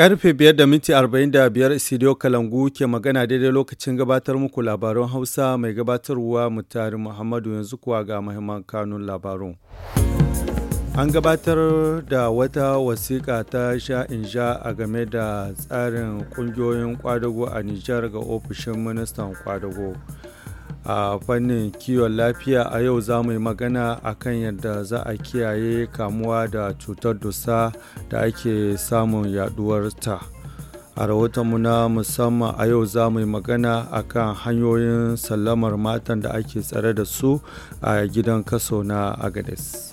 Karfe biyar da minti arba'in da biyar Isidiyo Kalangu ke magana daidai lokacin gabatar muku labaran Hausa mai gabatarwa mutari Muhammadu yanzu kuwa ga mahimman kanun labarun. An gabatar da wata wasiƙa ta sha sha a game da tsarin ƙungiyoyin kwadago a Nijar ga ofishin ministan kwadago. a fannin kiwon lafiya a yau za mu yi magana a kan yadda za a kiyaye kamuwa da cutar dusa da ake samun ta a mu na musamman a yau za mu yi magana a kan hanyoyin sallamar matan da ake tsare da su a gidan kaso na agades.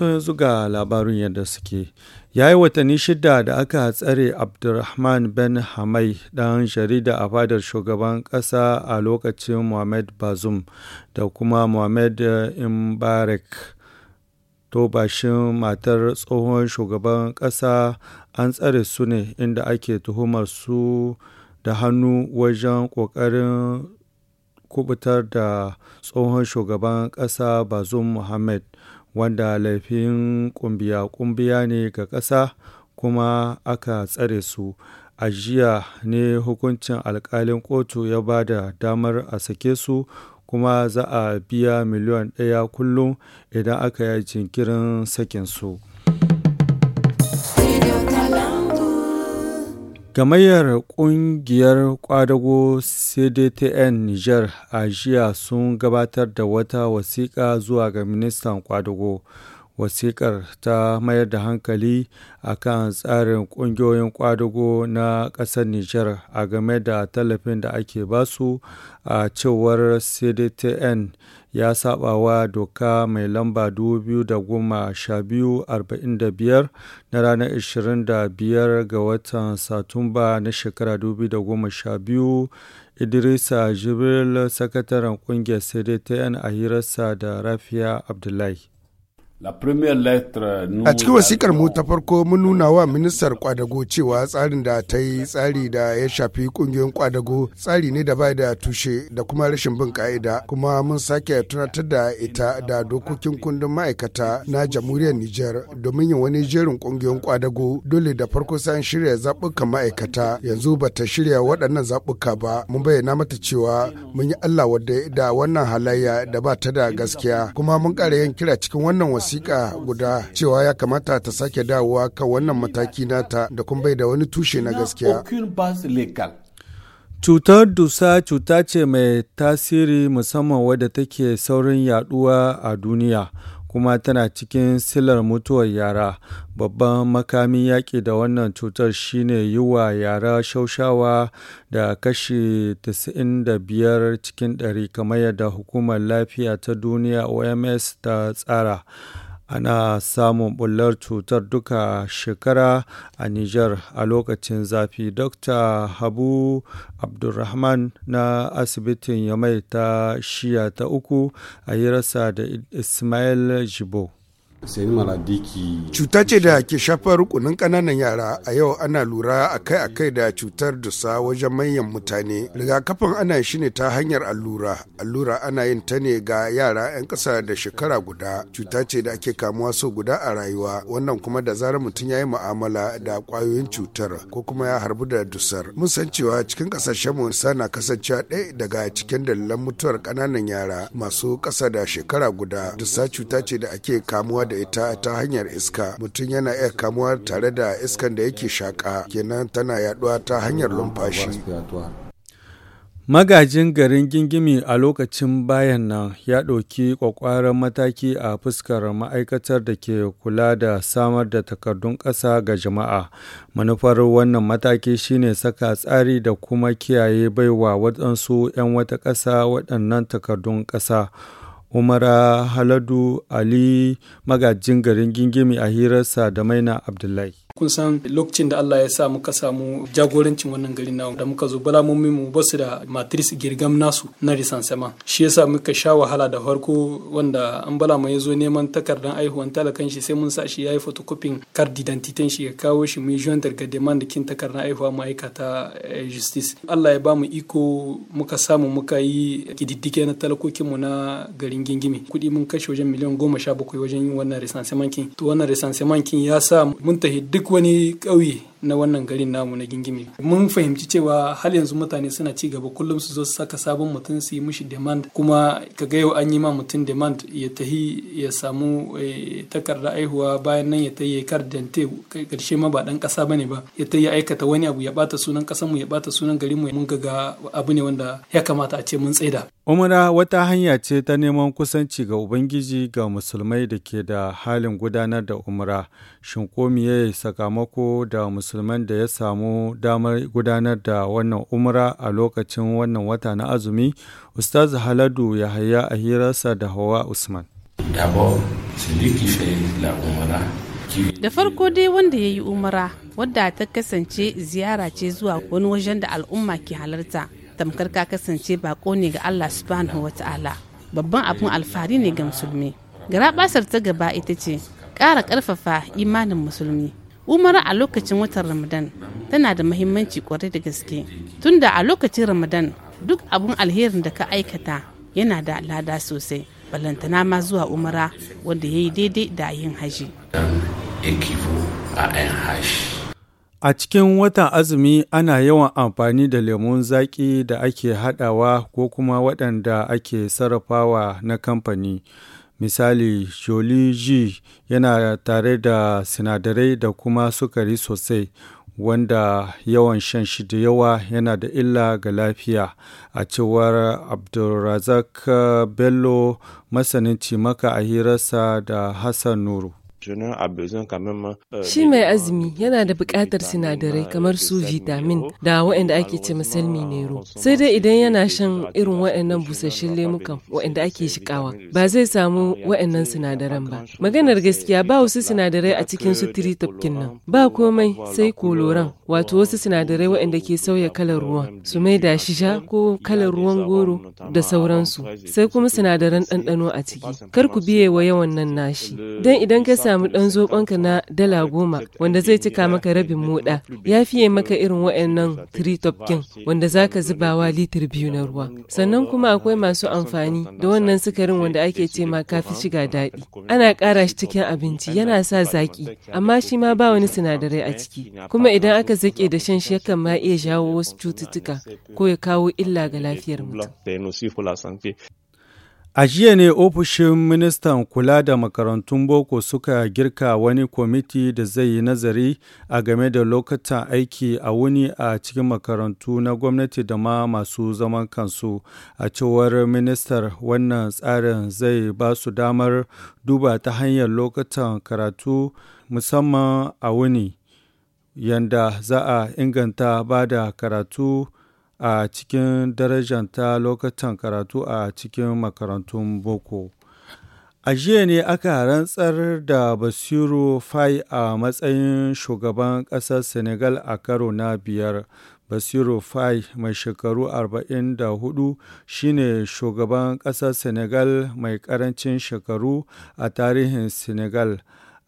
to yanzu ga labarin yadda suke. Ya yi watanni shida da aka tsare Abdulrahman Ben Hamai ɗan jarida a fadar shugaban ƙasa a lokacin Mohamed bazum da kuma Mohamed Imbarek. Eh, to bashin matar tsohon shugaban ƙasa an tsare su ne inda ake tuhumar su da hannu wajen ƙoƙarin kubutar da tsohon shugaban ƙasa bazum muhammad wanda laifin kumbiya-kumbiya ne ga ƙasa kuma aka tsare su a jiya ne hukuncin alkalin kotu ya ba da damar a sake su kuma za a biya miliyan ɗaya kullum idan aka yi jinkirin su. Gamayyar ƙungiyar ƙwadago CDTN Nijar a jiya sun gabatar da wata wasiƙa zuwa ga ministan ƙwadago. Wasiƙar ta mayar da hankali a kan tsarin ƙungiyoyin ƙwadago na ƙasar Nijar a game da tallafin da ake basu a cewar CDTN. ya saba wa doka mai lamba 2012-45 na ranar 25 ga watan satumba na shekara 2012 idrisa jibril sakataren kungiyar yan a hirarsa da rafiya abdullahi la A cikin wasikar mu ta farko mun nuna wa ministar kwadago cewa tsarin da ta yi tsari da ya shafi kungiyoyin kwadago tsari ne da bai da tushe da kuma rashin bin ka'ida kuma mun sake tunatar da ita da dokokin kundin ma'aikata na jamhuriyar Nijar domin yin wani jerin kungiyoyin kwadago dole da farko san shirya zabukan ma'aikata yanzu ba ta shirya waɗannan zabuka ba mun bayyana mata cewa mun yi Allah wadda da wannan halayya da ba ta da gaskiya kuma mun ƙara yin kira cikin wannan wasi wasiƙa guda cewa ya kamata ta sake dawowa kan wannan mataki nata da kuma bai da wani tushe na gaskiya. Cutar dusa cuta ce mai tasiri musamman wadda take saurin yaduwa a duniya. kuma tana cikin silar mutuwar yara babban makamin yaƙi da wannan cutar shine yi wa yara shaushawa da kashi 95 cikin 100 kamar yadda hukumar lafiya ta duniya oms ta tsara ana samun bullar cutar duka shekara a Nijar a lokacin zafi. Dr. Habu Abdulrahman na asibitin Yamai ta shiya ta uku a yi rasa da Ismail Jibo. Cuta ce da ke shafar rukunin ƙananan yara a yau ana lura akai-akai da cutar dusa wajen manyan mutane. Rigakafin ana shi ne ta hanyar allura. Allura ana yin ta ne ga yara 'yan ƙasa da shekara guda. Cuta ce da ake kamuwa so guda a rayuwa. Wannan kuma da zarar mutum ya yi mu'amala da ƙwayoyin cutar ko kuma ya harbu da dusar. Mun san cewa cikin ƙasashen mu na kasancewa ɗaya daga cikin dalilan mutuwar ƙananan yara masu ƙasa da shekara guda. Dusa cuta ce da ake kamuwa da ita ta hanyar iska mutum yana iya kamuwa tare da iskan da yake shaƙa kenan tana yaduwa ta hanyar lumfashi. Magajin garin gingimi a lokacin bayan nan ya ɗauki ƙwaƙwaran mataki a fuskar ma'aikatar da ke kula da samar da takardun ƙasa ga jama'a. Manufar wannan mataki shine saka tsari da kuma kiyaye baiwa waɗansu 'yan wata ƙasa waɗannan takardun ƙasa. umara Haladu Ali magajin garin Gingimi a hirarsa da Maina Abdullahi. kun san lokacin da Allah ya sa muka samu jagorancin wannan garin na. da muka zo balamomin mu basu da matris girgam nasu na risansama shi yasa muka sha wahala da farko wanda an bala ma ya zo neman takardan aihuwan talakan shi sai mun sa shi yayi photocopying card identity shi ya kawo shi mu joindar ga demand kin takardan aihuwa ma'aikata eh, justice Allah ya ba mu iko muka samu muka yi kididdike na talakokin mu na garin gingimi kuɗi mun kashe wajen miliyan goma sha bakwai wajen yin wannan risansaman to wannan risansaman ya sa mun tahi duk duk wani ƙauye na wannan garin namu na gingimi mun fahimci cewa hal yanzu mutane suna ci gaba kullum su zo su saka sabon mutum su yi mishi demand kuma ka ga yau an yi ma mutum demand ya tahi ya samu eh, takarda aihuwa bayan nan ya tahi kar dante karshe ma ba dan kasa bane ba ya tahi aikata wani abu ya bata sunan kasan mu ya bata sunan garin mu mun ga abu ne wanda ya kamata a ce mun tsaida umara wata hanya ce ta neman kusanci ga ubangiji ga musulmai da ke da halin gudanar da umara shin ko miye sakamako da musulmai musulman da ya samu damar gudanar da wannan umra a lokacin wannan wata na azumi ustaz haladu ya haya a hirarsa da hawa usman da farko dai wanda ya yi umara wadda ta kasance ziyara ce zuwa wani wajen da al'umma ke halarta tamkar ka kasance bako ne ga allah subhanahu wa ta'ala babban abin alfahari ne ga musulmi gara basar ta gaba ita ce kara karfafa imanin musulmi umara a lokacin watan ramadan tana da mahimmanci kwarai da gaske tunda a lokacin ramadan duk abun alherin da ka aikata yana da lada sosai balantana ma zuwa umara wanda ya yi daidai da yin haji a cikin watan azumi ana yawan amfani da lemun zaƙi da ake haɗawa ko kuma waɗanda ake sarrafawa na kamfani Misali, Jolie yana tare da sinadarai da kuma sukari sosai, wanda yawan shan shi da yawa yana da illa ga lafiya, a cewar Abdulrazak Bello masanin cimaka a hirarsa da Hassan Nuru. Shi mai azumi yana da buƙatar sinadarai kamar su vitamin da waɗanda ake ce masal minero. Sai dai idan yana shan irin waɗannan busasshen lemukan waɗanda ake shikawa ba zai samu waɗannan sinadaran ba. Maganar gaskiya ba wasu sinadarai a cikin su tiri nan. Ba komai sai koloran wato wasu sinadarai waɗanda ke sauya kalar ruwan su mai da shi sha ko kalar ruwan goro da sauransu sai kuma sinadaran ɗanɗano a ciki kar ku biye wa yawan nan nashi don idan ka samu ɗan zoɓonka na dala goma wanda zai cika maka rabin moɗa ya fiye maka irin waɗannan tritopkin wanda za ka zubawa litir biyu na ruwa sannan kuma akwai masu amfani da wannan sukarin wanda ake ce ma kafi shiga daɗi ana ƙara shi cikin abinci yana sa zaƙi amma shi ma ba wani sinadarai a ciki kuma idan aka zaƙe da shan shi yakan ma iya jawo wasu cututtuka ko ya kawo illa ga lafiyar mutum. A jiya ne ofishin ministan kula da makarantun boko suka girka wani kwamiti da zai yi nazari a game da lokutan aiki a wuni a cikin makarantu na gwamnati da ma masu zaman kansu. A cewar ministar wannan tsarin zai ba su damar duba ta hanyar lokutan karatu musamman a wuni. yanda za a inganta ba da karatu a cikin darajanta lokutan karatu a cikin makarantun boko. A jiya ne aka rantsar da Basiru Fai a matsayin shugaban ƙasar Senegal a karo na biyar. Basiru Fai mai shekaru 44 shine shugaban ƙasar Senegal mai ƙarancin shekaru a tarihin Senegal.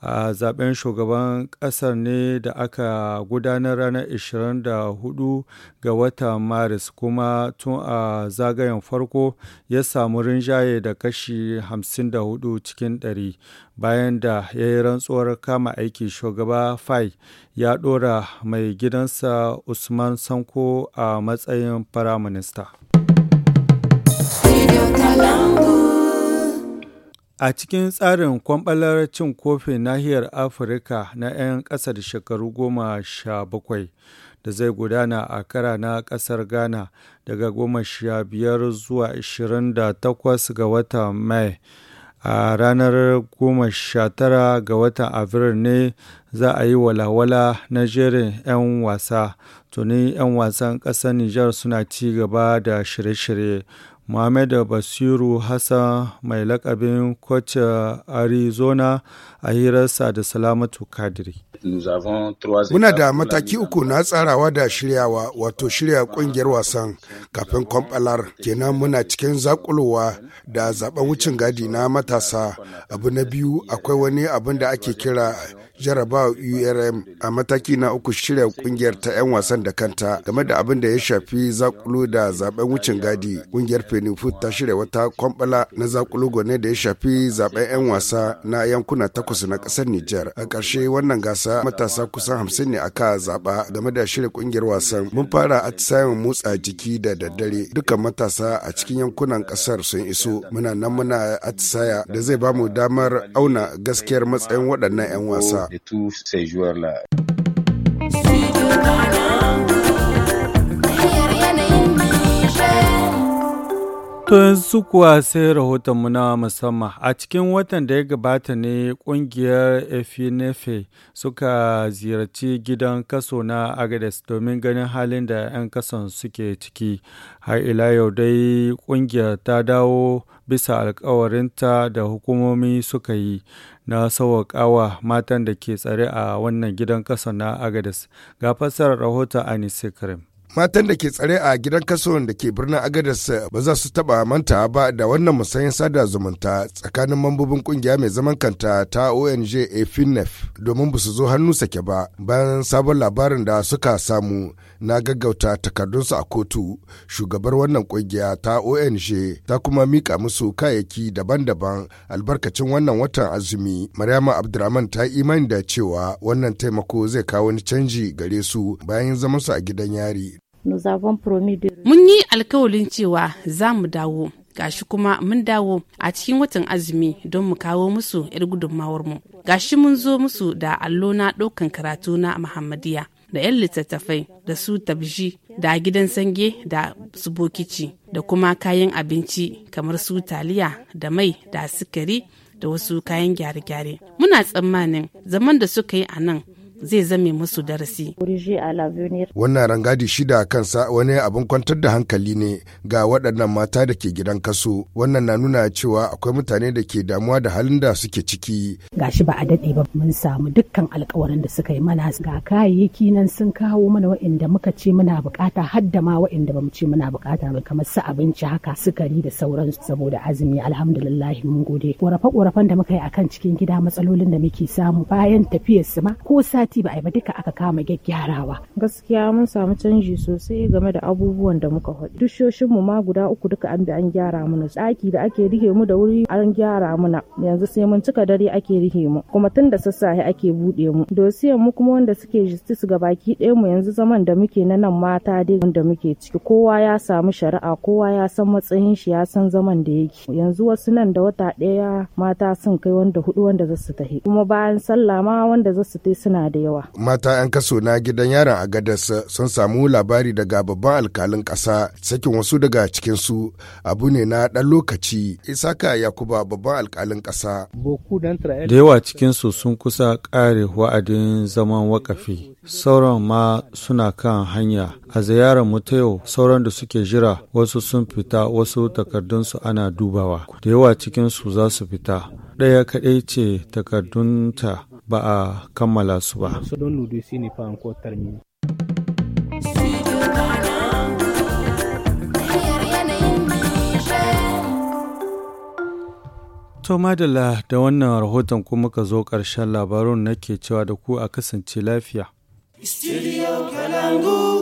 a zaben shugaban kasar ne da aka gudanar ranar 24 ga watan maris kuma tun a zagayen farko ya samu rinjaye da kashi 54 cikin 100 bayan da ya yi rantsuwar kama aiki shugaba fai ya ɗora mai gidansa usman sanko a matsayin firaminista. A cikin tsarin Kwamɓalar Cin Kofin Nahiyar Afirka na 'yan ƙasar shekaru goma sha bakwai da zai gudana a kara na ƙasar Ghana daga goma sha biyar zuwa 28 da ga watan Mai. A ranar goma sha tara ga watan Afril ne za a yi walawala na jerin 'yan wasa. Tuni 'yan wasan ƙasar Nijar suna ci gaba da shirye-shirye. Mohammed Basiru Hassan mai lakabin Coach Arizona a hirarsa da Salamatu Kadiri. Muna da mataki uku na tsarawa da shiryawa wato shirya kungiyar wasan kafin kwamfalar kenan muna cikin zakulowa da zaben wucin gadi na matasa abu na biyu akwai wani abin da ake kira jarabawa urm a mataki na uku shirya kungiyar ta 'yan wasan da kanta game da abin da ya shafi zakulu da zaben wucin gadi kungiyar fenifut ta shirya wata kwambala na zakulu gone da ya shafi zaben 'yan wasa na yankuna takwas na kasar nijar a ƙarshe wannan gasa matasa kusan hamsin ne aka zaba game da shirya kungiyar wasan mun fara atisayen motsa jiki da daddare dukkan matasa a cikin yankunan ƙasar sun iso muna nan muna atisaya da zai bamu damar auna gaskiyar matsayin waɗannan 'yan wasa Et tous ces joueurs-là. To su kuwa sai rahoton mu na musamman a cikin watan da ya gabata ne kungiyar efinefe suka ziyarci gidan kaso na agades domin ganin halin da 'yan kasan suke ciki har ila yau dai kungiyar ta dawo bisa alkawarinta da hukumomi suka yi na sauwaƙawa matan da ke tsare a wannan gidan kaso na agades ga fassarar rahoton anisikrim krim. matan da ke tsare a gidan kasuwan da ke birnin agadas ba za su taba manta ba da wannan musayin sada zumunta tsakanin mambobin kungiya mai zaman kanta ta ong afinef domin ba su zo hannu sake ba bayan sabon labarin da suka samu na gaggauta takardunsu a kotu shugabar wannan kungiya ta ong ta kuma mika musu kayayyaki daban-daban albarkacin wannan watan azumi maryama abdurrahman ta imani da cewa wannan taimako zai kawo ni canji gare su bayan su a gidan yari Mun yi alkawalin cewa za mu dawo gashi kuma mun dawo a cikin watan azumi don mu kawo musu 'yar gudunmawar mu gashi mun zo musu da allo na ɗaukan karatu na muhammadiya da 'yan littattafai da su tabji da gidan sange da su bokici da kuma kayan abinci kamar su taliya da mai da sukari da wasu kayan gyare-gyare muna tsammanin zaman da suka yi a nan zai zame musu darasi. Wannan rangadi shida kansa wani abin kwantar da hankali ne ga waɗannan mata da ke gidan kaso. Wannan na nuna cewa akwai mutane da ke damuwa da halin da suke ciki. ga shi ba a daɗe ba mun samu dukkan alkawarin da suka yi mana ga kayayyaki nan sun kawo mana waɗanda muka ce muna bukata har da ma waɗanda bamu ce muna bukata ba kamar su abinci haka sukari da sauransu saboda azumi alhamdulillah mun gode. Ƙorafe-ƙorafen da muka yi akan cikin gida matsalolin da muke samu bayan tafiyar su ma ko sati gwamnati ba a yi ba duka aka kama gyaggyarawa gaskiya mun samu canji sosai game da abubuwan da muka faɗi dushoshin mu ma guda uku duka an bi an gyara mana tsaki da ake rihe mu da wuri an gyara mana yanzu sai mun cika dare ake rihe mu kuma tun da sassafe ake buɗe mu dosiyan mu kuma wanda suke justice ga baki ɗaya mu yanzu zaman da muke na nan mata dai wanda muke ciki kowa ya samu shari'a kowa ya san matsayin shi ya san zaman da yake yanzu wasu nan da wata ɗaya mata sun kai wanda hudu wanda za su tafi kuma bayan sallah ma wanda za su suna da yawa. Mata 'yan kaso na gidan yaron a gadas sun samu labari daga babban alkalin ƙasa sakin wasu daga cikinsu abu ne na ɗan lokaci. Isaka Yakuba babban alkalin ƙasa. Da yawa cikinsu sun kusa ƙare wa'adin zaman wakafi. Sauran ma suna kan hanya. A ziyarar mu ta yau sauran da suke jira wasu sun fita wasu takardunsu ana dubawa. Da yawa cikinsu za su fita. Ɗaya kaɗai ce takardunta ba a kammala su ba. To madalla da wannan rahoton kuma muka zo ƙarshen labarun nake cewa da ku a kasance lafiya. Studio Kalangu.